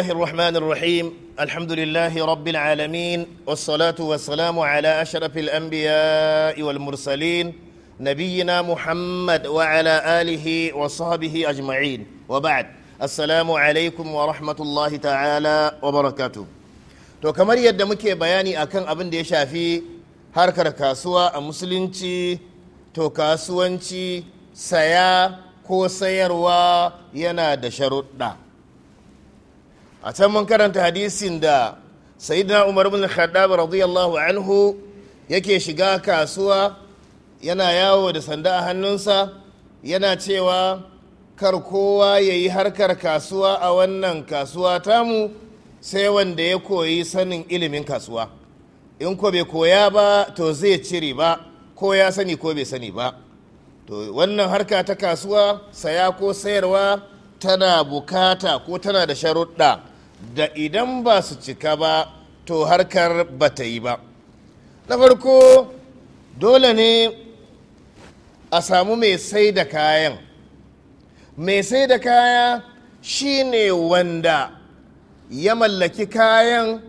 الله الرحمن الرحيم الحمد لله رب العالمين والصلاة والسلام على أشرف الأنبياء والمرسلين نبينا محمد وعلى آله وصحبه أجمعين وبعد السلام عليكم ورحمة الله تعالى وبركاته تو kamar yadda muke bayani akan abin da ya shafi harkar kasuwa a musulunci to kasuwanci saya ko sayarwa a can mun karanta hadisin da sayyidina umar bin khaddab radiyallahu anhu yake shiga kasuwa yana yawo da sanda a hannunsa yana cewa kar kowa ya yi harkar kasuwa a wannan kasuwa tamu sai wanda ya koyi sanin ilimin kasuwa in ko bai koya ba to zai cire ba ko ya sani ko bai sani ba to wannan harka ta kasuwa saya ko sayarwa tana bukata ko tana da sharuɗa da idan ba su cika ba to harkar ba ta yi ba na farko dole ne a samu mai sai da kayan mai sai da kaya shi ne wanda ya mallaki kayan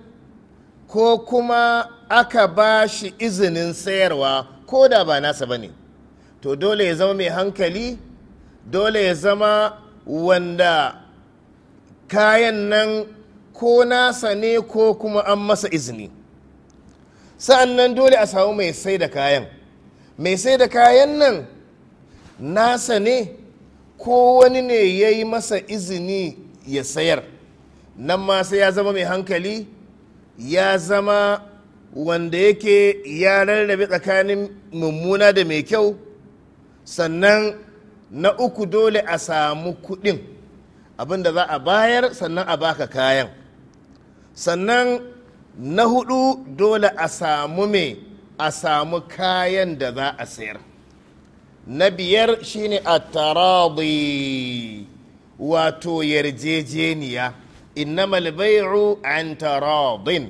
ko kuma aka ba shi izinin sayarwa ko da ba nasa ba ne to dole ya zama mai hankali dole ya zama wanda kayan nan ko nasa ne ko kuma an masa izini sa'an nan dole a samu mai sai da kayan mai sai da kayan nan nasa ne ko wani ne ya yi masa izini ya sayar nan ma sai ya zama mai hankali ya zama wanda yake ya rarrabe tsakanin mummuna da mai kyau sannan na uku dole a samu kuɗin abinda za a bayar sannan a baka kayan sannan na hudu dole a samu me a samu kayan da za a sayar na biyar shine a wato yarjejeniya inna bai'u an taradin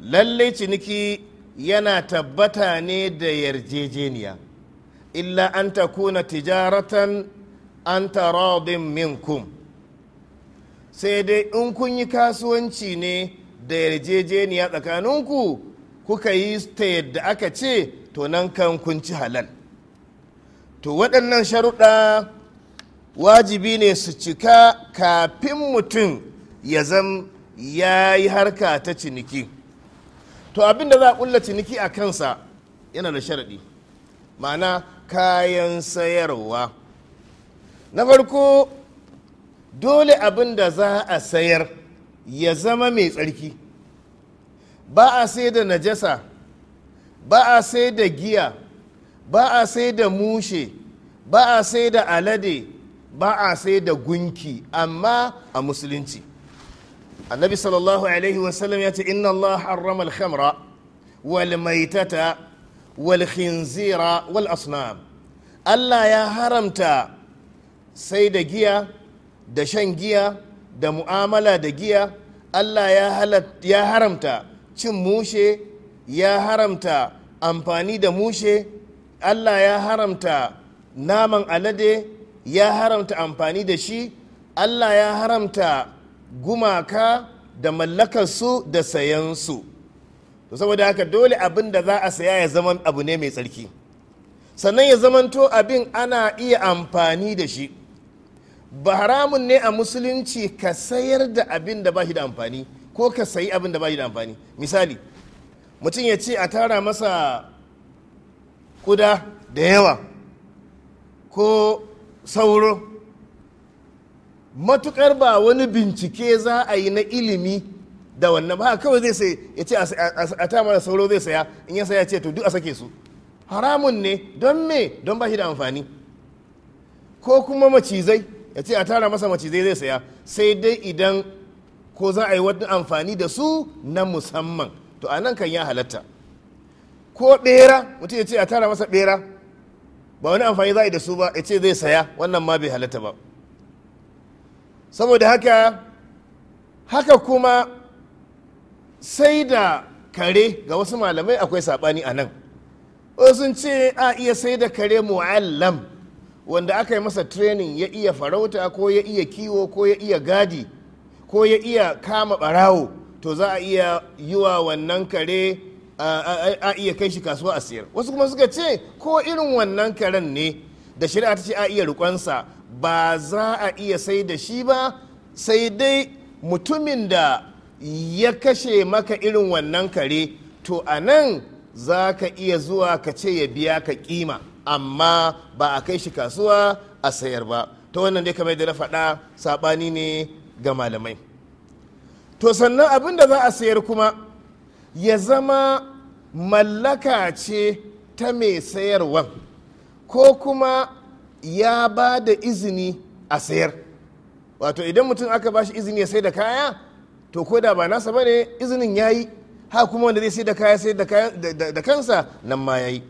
lalle ciniki yana tabbata ne da yarjejeniya illa an kuna tijaratan an min minkum sai dai in kun yi kasuwanci ne da yarjejeniya tsakaninku kuka yi ta yadda aka ce to nan kan kun ci halal to waɗannan sharuɗa wajibi ne su cika kafin mutum ya zam ya yi harka ta ciniki to abinda za a ƙulla ciniki a kansa yana da sharaɗi ma'ana kayan sayarwa na farko dole abin da za a sayar ya zama mai tsarki ba a sai da najasa ba a sai da giya ba a sai da mushe ba a sai da alade ba a sai da gunki amma a musulunci annabi sallallahu alaihi wasallam ya ce inna allah harrama al-khamra wal maitata Walhinzira wal asnam Allah ya haramta sai da giya da shan giya da mu'amala da giya Allah ya haramta cin mushe ya haramta amfani da mushe Allah ya haramta naman alade ya haramta amfani da shi Allah ya haramta gumaka da mallakarsu da sayansu to saboda haka dole abin da za a saya ya zama abu ne mai tsarki sannan ya zamanto abin ana iya amfani da shi ba haramun ne a musulunci ka sayar da abin da ba shi da amfani ko ka sayi abin da ba shi da amfani misali mutum ya ce a tara masa kuda da yawa ko sauro matukar ba wani bincike za a yi na ilimi da wannan ba kawai zai sai ya ce a ta mara sauro zai saya in ya saya ce to duk a sake su haramun ne don me don ba shi da amfani ko kuma macizai ya ce a tara masa macizai zai saya sai dai idan ko za a yi wani amfani da su na musamman to a nan kan ya halatta ko bera mutum ya ce a tara masa bera ba wani amfani za a yi da su ba ya ce zai saya wannan ma bai halatta ba saboda haka haka kuma sai da kare ga wasu malamai akwai saɓani a nan sun ce a iya sai da kare mu'allam wanda aka yi masa training ya iya farauta ko ya iya kiwo ko ya iya gadi ko ya iya kama barawo to za a iya yi wa wannan kare a iya kai shi kasuwa a siyar wasu kuma suka ce ko irin wannan karen ne da shari'a ta ce a iya rukonsa, ba za a iya sai da shi ba sai dai mutumin da ya kashe maka irin wannan kare to a nan za ka iya zuwa ka ce ya biya ka kima amma ba a kai shi kasuwa a sayar ba ta wannan dai kamar da na faɗa saɓani ne ga malamai to sannan abin da za a sayar kuma ya zama mallaka ce ta mai sayarwan ko kuma ya ba da izini a sayar wato idan mutum aka ba shi izini ya sai da kaya to ko da ba nasa bane izinin yayi ha kuma wanda zai sai da kaya sai da kansa nan ma yayi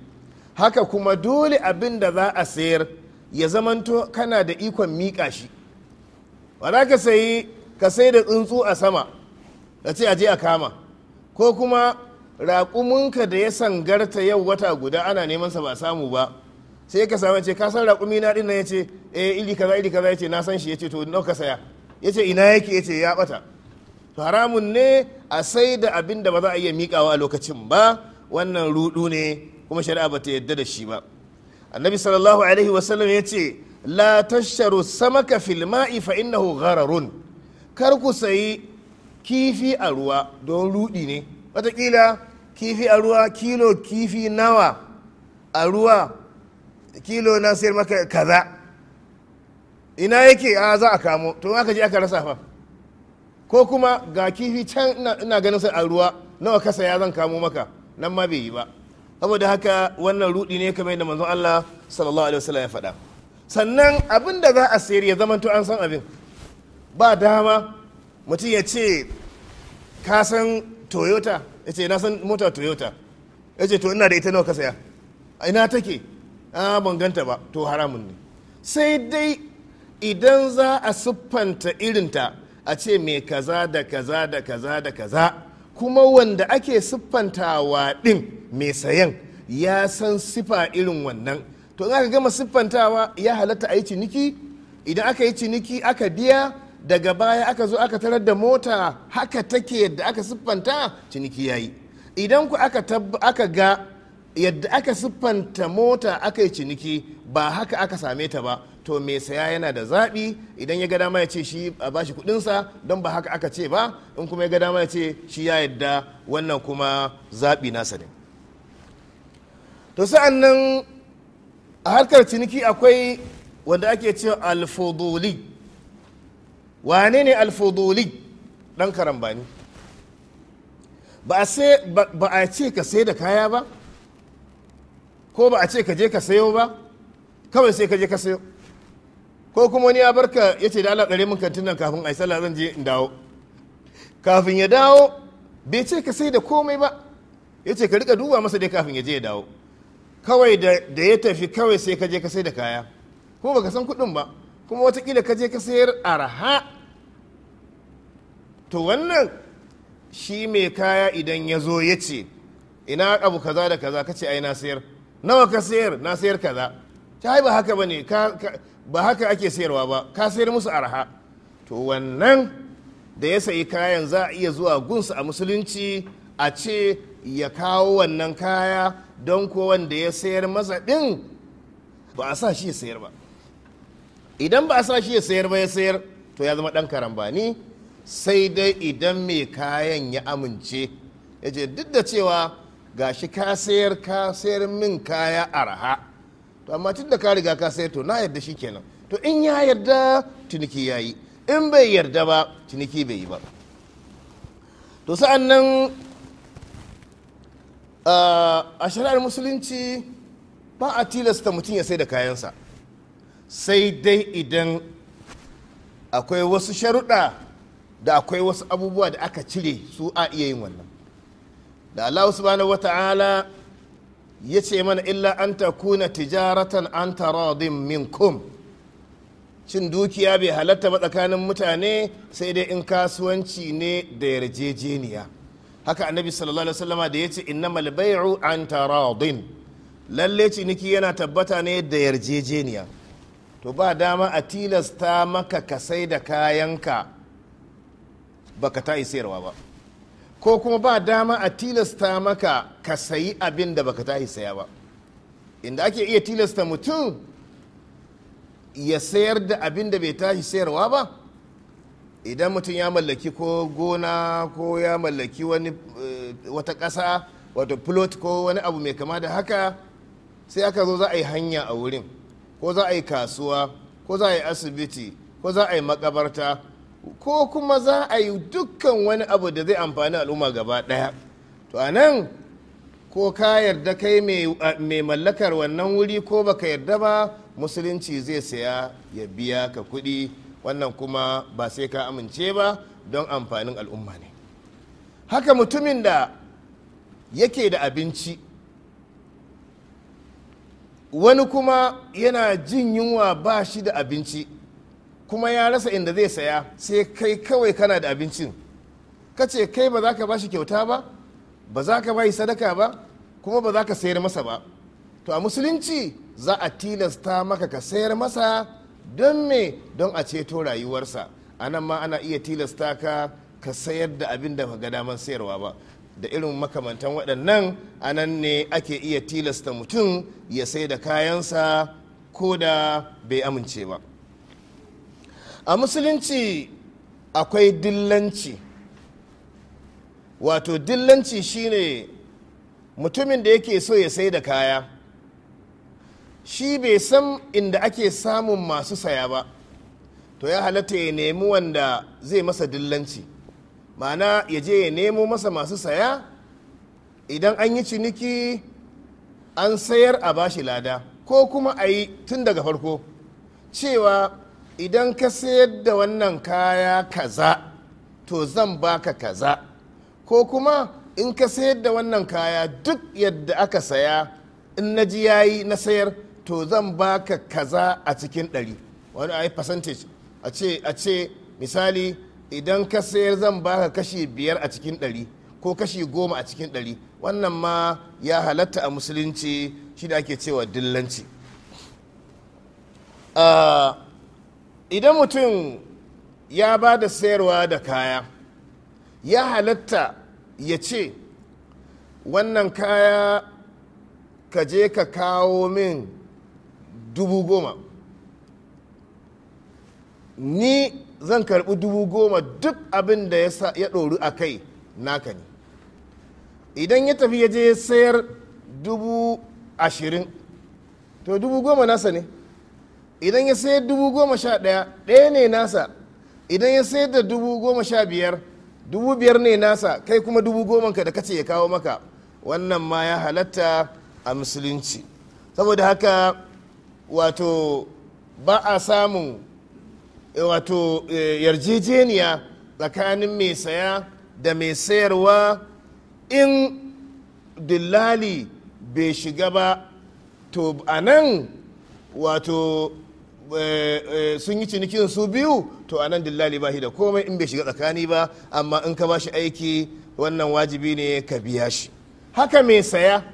haka kuma dole abin da za a sayar ya zamanto kana da ikon miƙa shi ba za ka sayi ka sai da tsuntsu a sama da ce aje a kama ko kuma raƙuminka da ya sangarta yau wata guda ana neman sa ba samu ba sai ka samu ce ka san raƙumi na din ya ce eh iri kaza iri kaza ya ce na san shi ya ce to nawa ka saya ya ce ina yake ya ce ya bata haramun ne a sai da abin da ba za a iya miƙawa a lokacin ba wannan rudu ne kuma shari'a ba ta yadda da shi ba annabi sallallahu alaihi wasallam ya ce la tasharu samaka fil ma'i fa innahu ghararun kar ku sayi kifi a ruwa don ruɗi ne wataƙila kifi a ruwa kilo kifi nawa a ruwa kilo na sayar maka kaza ina yake a za a kamo to aka je aka rasa fa ko kuma ga kifi can ina ganin sai a ruwa nawa kasa ya zan kamo maka nan ma bai yi ba saboda haka wannan rudi ne kamar yadda manzon Allah sallallahu alaihi wasallam ya faɗa sannan abin da za a sayar ya zamanto an san abin ba dama mutum ya ce ka san toyota ya ce na san mota toyota ya ce to ina da ita nawa ka saya ina take a ban ganta ba to haramun ne sai dai idan za a siffanta irinta a ce mai kaza da kaza da kaza da kaza kuma wanda ake siffantawa din mai sayan ya san sifa irin wannan to in aka gama siffantawa ya halatta a yi ciniki idan aka yi ciniki aka biya daga baya aka zo aka tarar da mota haka take yadda aka siffanta ciniki ya yi idan ku aka, aka ga yadda aka siffanta mota aka yi ciniki ba haka aka same ta ba to mai saya yana da zaɓi idan ya ga dama ya ce shi a bashi kuɗinsa don ba haka aka ce ba in kuma ya ga dama ya ce shi ya yadda wannan kuma zaɓi nasa ne to sa'an nan a harkar ciniki akwai wanda ake cewa alfodoli wane ne alfodoli ɗan karambani ba a ce ka sai da kaya ba ko ba a ce ka je ka sayo ba kawai sai ka je ka sayo ko kuma wani ya barka ya ce da Allah ɗare min kantin nan kafin a yi sallah zan je in dawo kafin ya dawo bai ce ka sai da komai ba ya ce ka rika duba masa dai kafin ya je ya dawo kawai da ya tafi kawai sai ka je ka sai da kaya kuma baka san kuɗin ba kuma watakila ka je ka sayar raha. to wannan shi mai kaya idan ya zo ya ce ina abu kaza da kaza ka ce ai na sayar nawa ka sayar na sayar kaza ta ba haka ba ne ba haka ake sayarwa ba ka sayar musu arha to wannan da ya sayi kayan za a iya zuwa gunsa a musulunci a ce ya kawo wannan kaya don ko wanda ya sayar masa ɗin ba a sa shi ya sayar ba idan ba a sa shi ya sayar ba ya sayar to ya zama ɗan karambani sai dai idan mai kayan ya amince ya ce duk da cewa gashi ka sayar ka sayar min kaya arha to amma tun da ka riga ka sai to na yarda shi kenan to in ya yarda tuniki ya yi in bai yarda ba tuniki bai yi ba to sa'an nan a shari'ar musulunci ba a tilasta mutum ya sai da kayansa sai dai idan akwai wasu sharuɗa da akwai wasu abubuwa da aka cire su a iya yin wannan da Allah subhanahu ta'ala. ya ce mana illa an ta kuna tijaratan an min kum cin dukiya bai halatta ba tsakanin mutane sai dai in kasuwanci ne da yarjejeniya haka annabi sallallahu alaihi wasallama da ya ce inna malbai'u an taradin lalle ciniki yana tabbata ne da yarjejeniya to ba dama a tilasta maka ka sai da kayanka baka ta sayarwa ba ko kuma ba dama a tilasta maka ka sayi abin da baka tahi saya ba inda ake iya tilasta mutum ya sayar da abin da bai tashi sayarwa ba idan mutum ya mallaki ko gona ko ya mallaki wani eh, wata ƙasa wato plot ko wani abu mai kama da haka sai aka zo za a yi hanya a wurin ko za a yi kasuwa ko za a yi asibiti ko za a yi makabarta ko kuma za a yi dukkan wani abu da zai amfani al'umma gaba ɗaya to a nan ko ka yarda kai mai mallakar wannan wuri ko baka yarda ba musulunci zai saya ya biya ka kuɗi wannan kuma ba sai ka amince ba don amfanin al'umma ne haka mutumin da yake da abinci wani kuma yana jin yunwa ba shi da abinci kuma ya rasa inda zai saya sai kai kawai kana da abincin ka ce kai ba za ka bashi kyauta ba ba za ka bayi sadaka ba kuma ba za ka sayar masa ba to a musulunci za a tilasta maka ka sayar masa don me don a ceto rayuwarsa a nan ma ana iya tilasta ka ka sayar da abin da ga daman sayarwa ba da irin makamantan waɗannan a nan ne ake iya tilasta mutum ya sai da kayansa ko da bai amince ba a musulunci akwai dillanci wato dillanci shine mutumin da yake so ya sai da kaya shi bai san inda ake samun masu saya ba to ya halatta ya nemi wanda zai masa dillanci ma'ana ya je ya nemo masa masu saya idan an yi ciniki an sayar a bashi lada ko kuma a yi tun daga farko cewa idan ka sayar da wannan kaya kaza to zan baka kaza ko kuma in ka sayar da wannan kaya duk yadda aka saya in na ji yayi na sayar to zan baka kaza a cikin ɗari wani a percentage a ce misali idan ka sayar zan baka kashi biyar a cikin ɗari ko kashi goma a cikin ɗari wannan ma ya halatta a musulunci shi da ake cewa dillanci ah, idan mutum ya ba da sayarwa da kaya ya halatta ya ce wannan kaya ka je ka kawo min dubu goma ni zan karbi dubu goma duk abin da ya ɗoru a kai naka ne idan ya tafi ya je sayar dubu ashirin to dubu goma nasa ne idan ya sayar dubu goma sha ɗaya ɗaya ne nasa idan ya sayar da dubu goma sha biyar dubu biyar ne nasa kai kuma dubu goma ka da kace ya kawo maka wannan ma ya halatta a musulunci saboda haka wato ba a samun eh, wato eh, yarjejeniya tsakanin mai saya da mai sayarwa in dillali bai shiga ba to a nan wato Eh, eh, sun yi cinikin su biyu to a nan dillali ba shi da komai in bai shiga tsakani ba amma in ka ba shi aiki wannan wajibi ne ka biya shi haka mai saya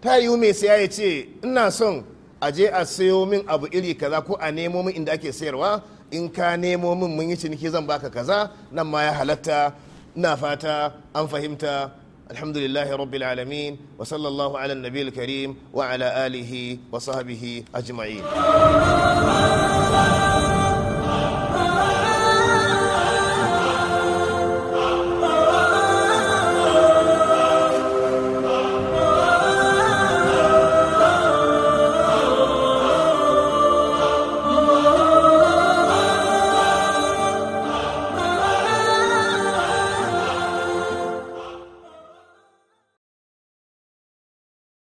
ta yiwu mai saya ya ce ina son a je a sayo min abu iri kaza ko a nemo min inda ake sayarwa in ka nemo min mun yi ciniki zan baka kaza nan ma ya halatta na fata an fahimta الحمد لله رب العالمين وصلى الله على النبي الكريم وعلى آله وصحبه أجمعين